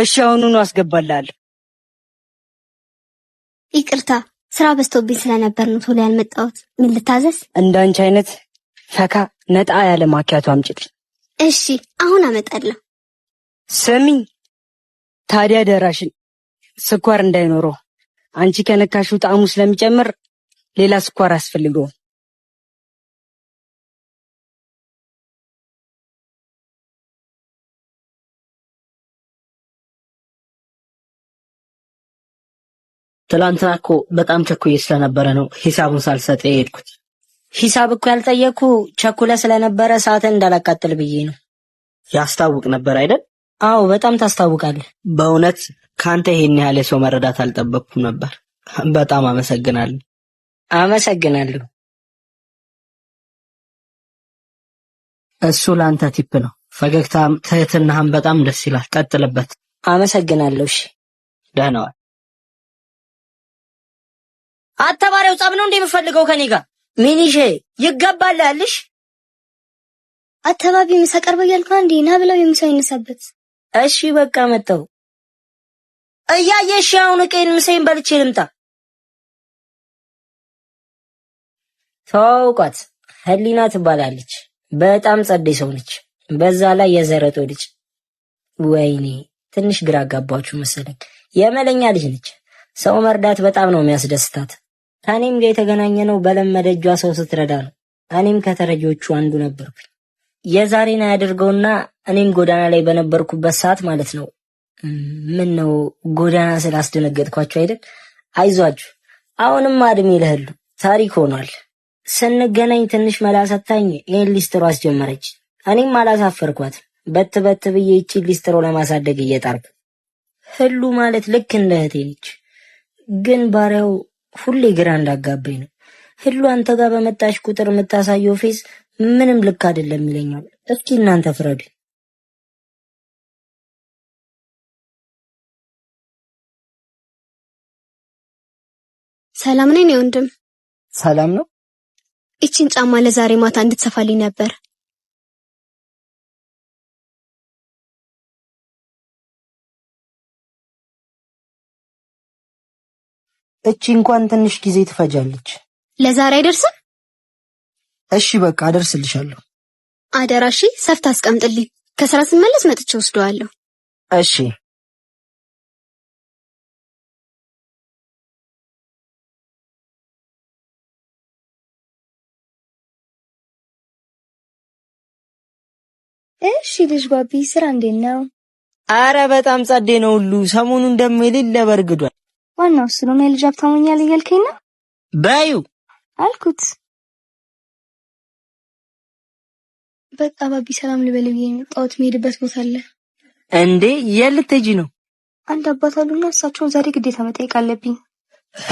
እሺ፣ አሁኑኑ አስገባላል ይቅርታ ስራ በዝቶብኝ ስለነበር ነው ቶሎ ያልመጣሁት። ምን ልታዘዝ? እንዳንቺ አይነት ፈካ ነጣ ያለ ማኪያቱ አምጪልኝ። እሺ፣ አሁን አመጣለሁ። ስሚኝ ታዲያ ደራሽን ስኳር እንዳይኖረው አንቺ ከነካሽው ጣዕሙ ስለሚጨምር ሌላ ስኳር አስፈልገውም። ትላንትና እኮ በጣም ቸኩዬ ስለነበረ ነው ሂሳቡን ሳልሰጥ የሄድኩት። ሂሳብ እኮ ያልጠየቅኩ ቸኩለ ስለነበረ ሰዓትን እንዳላቃጥል ብዬ ነው። ያስታውቅ ነበር አይደል? አዎ፣ በጣም ታስታውቃለህ። በእውነት ከአንተ ይሄን ያህል የሰው መረዳት አልጠበቅኩም ነበር። በጣም አመሰግናለሁ። አመሰግናለሁ። እሱ ለአንተ ቲፕ ነው። ፈገግታም ትህትናህም በጣም ደስ ይላል። ቀጥልበት። አመሰግናለሁ። እሺ፣ አተባሪው ጸብ ነው እንዴ የምፈልገው ከኔ ጋር ሚኒሼ ይገባል ያልሽ አተባቢ ምሳ ቀርበው እያልኩ እንዴ ና ብለው የምሳው ይነሳበት። እሺ በቃ መጣው እያየሽ አሁን ቀን ምሳዬን በልቼ ልምጣ። ታውቋት ህሊና ትባላለች። በጣም ጸደይ ሰው ነች። በዛ ላይ የዘረጦ ልጅ ወይኔ ትንሽ ግራ ጋባችሁ መሰለኝ። የመለኛ ልጅ ነች። ሰው መርዳት በጣም ነው የሚያስደስታት። ከእኔም ጋር የተገናኘነው በለመደ እጇ ሰው ስትረዳ ነው። እኔም ከተረጂዎቹ አንዱ ነበርኩኝ። የዛሬን አያደርገውና እኔም ጎዳና ላይ በነበርኩበት ሰዓት ማለት ነው። ምን ነው ጎዳና ስላስደነገጥኳቸው አይደል? አይዟችሁ፣ አሁንም አድሜ ለህሉ ታሪክ ሆኗል። ስንገናኝ ትንሽ መላ ሰታኝ ይህን ሊስትሮ አስጀመረች። እኔም አላሳፈርኳት። በት በት ብዬ ይቺን ሊስትሮ ለማሳደግ እየጣርኩ ህሉ ማለት ልክ እንደ እህቴ ነች፣ ግን ባሪያው ሁሌ ግራ እንዳጋበኝ ነው። ህሉ አንተ ጋር በመጣች ቁጥር የምታሳየው ፌስ ምንም ልክ አይደለም ይለኛል። እስኪ እናንተ ፍረዱ። ሰላም ነኝ ወንድም። ሰላም ነው። እቺን ጫማ ለዛሬ ማታ እንድትሰፋልኝ ነበር እቺ እንኳን ትንሽ ጊዜ ትፈጃለች። ለዛሬ አይደርስም። እሺ በቃ አደርስልሻለሁ። አደራሺ ሰፍት አስቀምጥልኝ። ከስራ ስመለስ መጥቼ ወስደዋለሁ። እሺ እሺ። ልጅ ጓቢ ስራ እንዴት ነው? አረ በጣም ጸዴ ነው ሁሉ ሰሞኑን ደሜ ሌለ በርግዷል። ዋናው እሱ ነው። የልጅ አብታሞኛል እያልከኝ ነው? በዩ አልኩት። በቃ ባቢ ሰላም ልበል ብዬ የመጣሁት የምሄድበት ቦታ አለ። እንዴ የት ልትሄጂ ነው? አንድ አባት አሉና እሳቸውን ዛሬ ግዴታ መጠየቅ አለብኝ።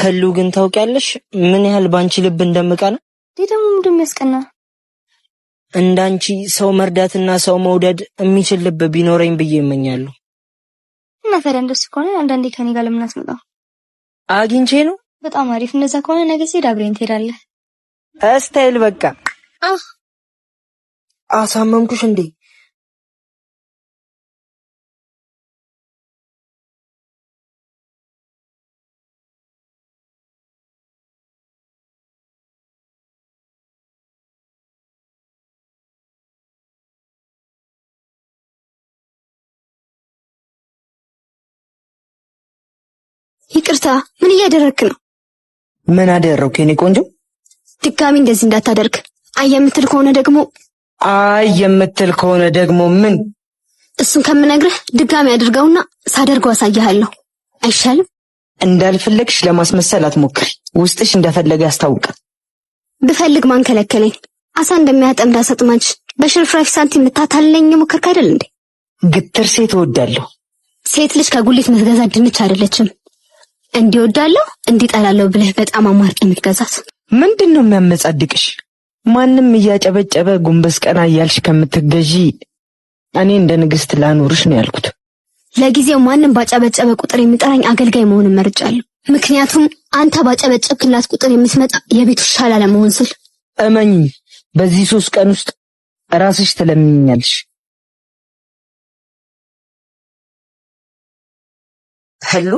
ህሉ ግን ታውቂያለሽ ምን ያህል ባንቺ ልብ እንደምቀና ደግሞ ምንድን የሚያስቀና እንዳንቺ ሰው መርዳትና ሰው መውደድ የሚችል ልብ ቢኖረኝ ብዬ እመኛለሁ። እና ታዲያ እንደሱ ከሆነ አንዳንዴ ከኔ ጋር ለምን አትመጣም? አግኝቼ ነው። በጣም አሪፍ። እንደዛ ከሆነ ነገ ስሄድ አብሬን ትሄዳለህ። እስታይል በቃ አሳመምኩሽ እንዴ? ይቅርታ፣ ምን እያደረግክ ነው? ምን አደረግኩ የኔ ቆንጆ? ድጋሚ እንደዚህ እንዳታደርግ። አይ የምትል ከሆነ ደግሞ አይ የምትል ከሆነ ደግሞ ምን እሱን ከምነግርህ ድጋሚ አድርገውና ሳደርገው አሳይሃለሁ። አይሻልም? እንዳልፈለግሽ ለማስመሰል አትሞክሪ። ውስጥሽ እንደፈለገ ያስታውቃል። ብፈልግ ማን ከለከለኝ? አሳ እንደሚያጠምድ አሳጥማች በሽርፍራፊ ሳንቲም ልታታለኝ የሞከርክ አይደል እንዴ? ግትር ሴት እወዳለሁ። ሴት ልጅ ከጉሊት መትገዛ ድንች አይደለችም። እንዲወዳለሁ እንዲጠላለሁ ብለህ በጣም አማርቅ የምትገዛት ምንድን ነው የሚያመጻድቅሽ? ማንም እያጨበጨበ ጎንበስ ቀና እያልሽ ከምትገዢ እኔ እንደ ንግስት ላኖርሽ ነው ያልኩት። ለጊዜው ማንም ባጨበጨበ ቁጥር የሚጠራኝ አገልጋይ መሆን መርጫለሁ። ምክንያቱም አንተ ባጨበጨብክላት ቁጥር የምትመጣ የቤቱ ሻላ ለመሆን ስል እመኝ፣ በዚህ ሶስት ቀን ውስጥ ራስሽ ትለምኛለሽ። ህሉ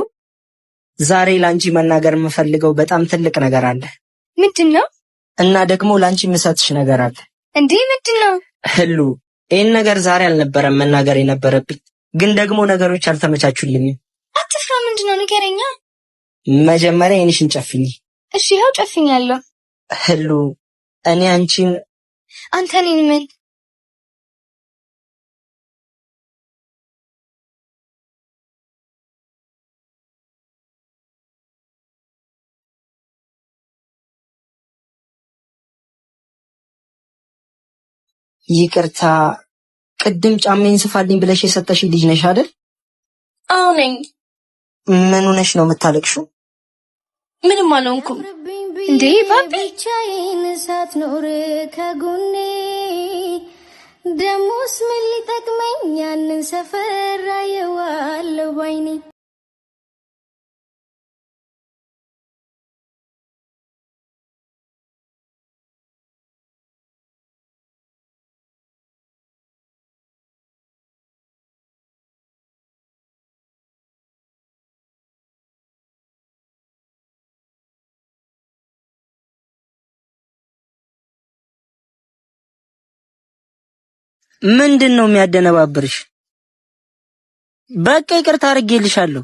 ዛሬ ላንቺ መናገር የምፈልገው በጣም ትልቅ ነገር አለ። ምንድን ነው? እና ደግሞ ላንቺ የምሰጥሽ ነገር አለ። እንዴ ምንድን ነው? ህሉ ይህን ነገር ዛሬ አልነበረም መናገር የነበረብኝ፣ ግን ደግሞ ነገሮች አልተመቻቹልኝም። አትፍራ፣ ምንድን ነው ንገረኛ። መጀመሪያ ይህንሽን ጨፍኝ። እሺ፣ ይኸው ጨፍኛለሁ። ህሉ እኔ አንቺን አንተኔን ምን ይቅርታ፣ ቅድም ጫሜን ስፋልኝ ብለሽ የሰጠሽ ልጅ ነሽ አይደል? አዎ ነኝ። ምን ሆነሽ ነው የምታለቅሽው? ምንም አልሆንኩም። እንዴ ባቢ፣ ብቻዬን ሳትኖር ከጎኔ ደሞስ ምን ሊጠቅመኝ? ያንን ሰፈር አየዋለሁ ባይኔ ምንድን ነው የሚያደነባብርሽ? በቃ ይቅርታ አድርጌልሻለሁ።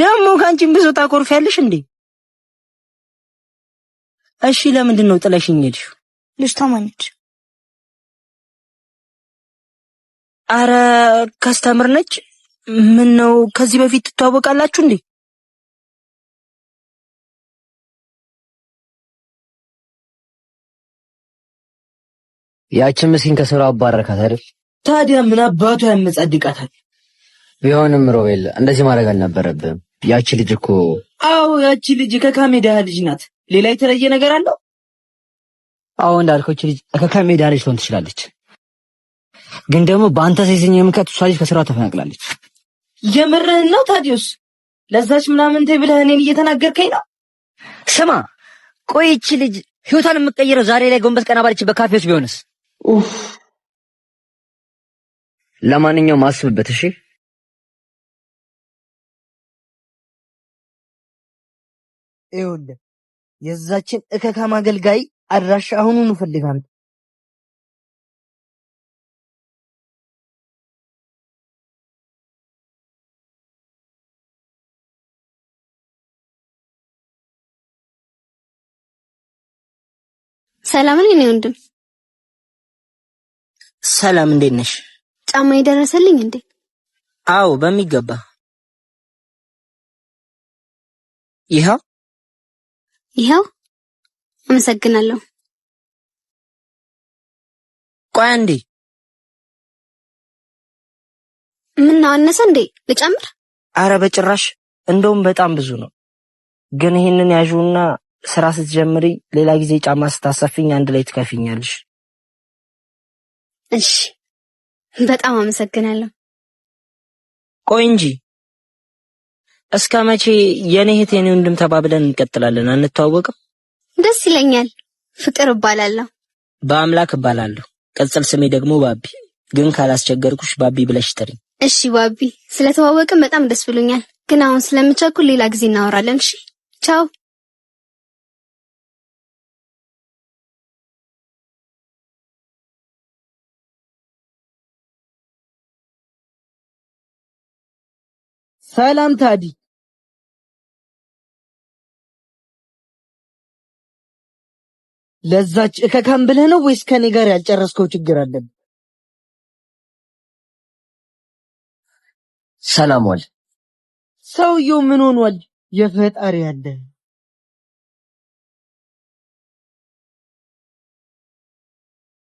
ደግሞ ከአንቺም ብዙ ታኮርፊያለሽ እንዴ? እሺ ለምንድን ነው ጥለሽኝ ሄድሽው? ልጅ ማነች? አረ ከስተምር ነች። ምን ነው ከዚህ በፊት ትተዋወቃላችሁ እንዴ? ያችን ምስኪን ከስራ አባረካት አይደል? ታዲያ ምን አባቱ ያመጻድቃታል? ቢሆንም ሮቤል እንደዚህ ማድረግ አልነበረብም። ያቺ ልጅ እኮ አዎ፣ ያቺ ልጅ ከካሜዳ ልጅ ናት። ሌላ የተለየ ነገር አለው? አዎ፣ እንዳልከው ልጅ ከካሜዳ ልጅ ትሆን ትችላለች፣ ግን ደግሞ በአንተ ሴሰኛ ምክንያት እሷ ልጅ ከስራ ተፈናቅላለች። የምርህን ነው ታዲዮስ? ለዛች ምናምን ብለህ እኔን እየተናገርከኝ ነው? ስማ ቆይቺ ልጅ ህይወቷን የምትቀይረው ዛሬ ላይ ጎንበስ ቀና ባለችበት ውስጥ ቢሆንስ ለማንኛውም አስብበት እሺ። ይኸውልህ የዛችን እከካም አገልጋይ አድራሻ አሁኑን እፈልጋለሁ። ሰላምን እኔ ወንድም ሰላም እንዴት ነሽ? ጫማ የደረሰልኝ እንዴ? አዎ በሚገባ ይኸው። ይኸው አመሰግናለሁ። ቆይ አንዴ፣ ነው አነሰ እንዴ? ልጨምር? አረ በጭራሽ፣ እንደውም በጣም ብዙ ነው። ግን ይህንን ያዥውና ስራ ስትጀምሪ ሌላ ጊዜ ጫማ ስታሰፍኝ አንድ ላይ ትከፍኛለሽ። እሺ፣ በጣም አመሰግናለሁ። ቆይ እንጂ እስከ መቼ የኔ እህት የኔ ወንድም ተባብለን እንቀጥላለን? አንተዋወቅም? ደስ ይለኛል። ፍቅር እባላለሁ። በአምላክ እባላለሁ። ቅጽል ስሜ ደግሞ ባቢ፣ ግን ካላስቸገርኩሽ ባቢ ብለሽ ጥሪ። እሺ ባቢ፣ ስለተዋወቅም በጣም ደስ ብሎኛል። ግን አሁን ስለምቸኩል ሌላ ጊዜ እናወራለን። እሺ፣ ቻው። ሰላም ታዲ ለዛች እከካም ብለህ ነው ወይስ ከኔ ጋር ያልጨረስከው ችግር አለን? ሰላም ዋል። ሰውየው ምን ሆኗል? የፈጣሪ ያለ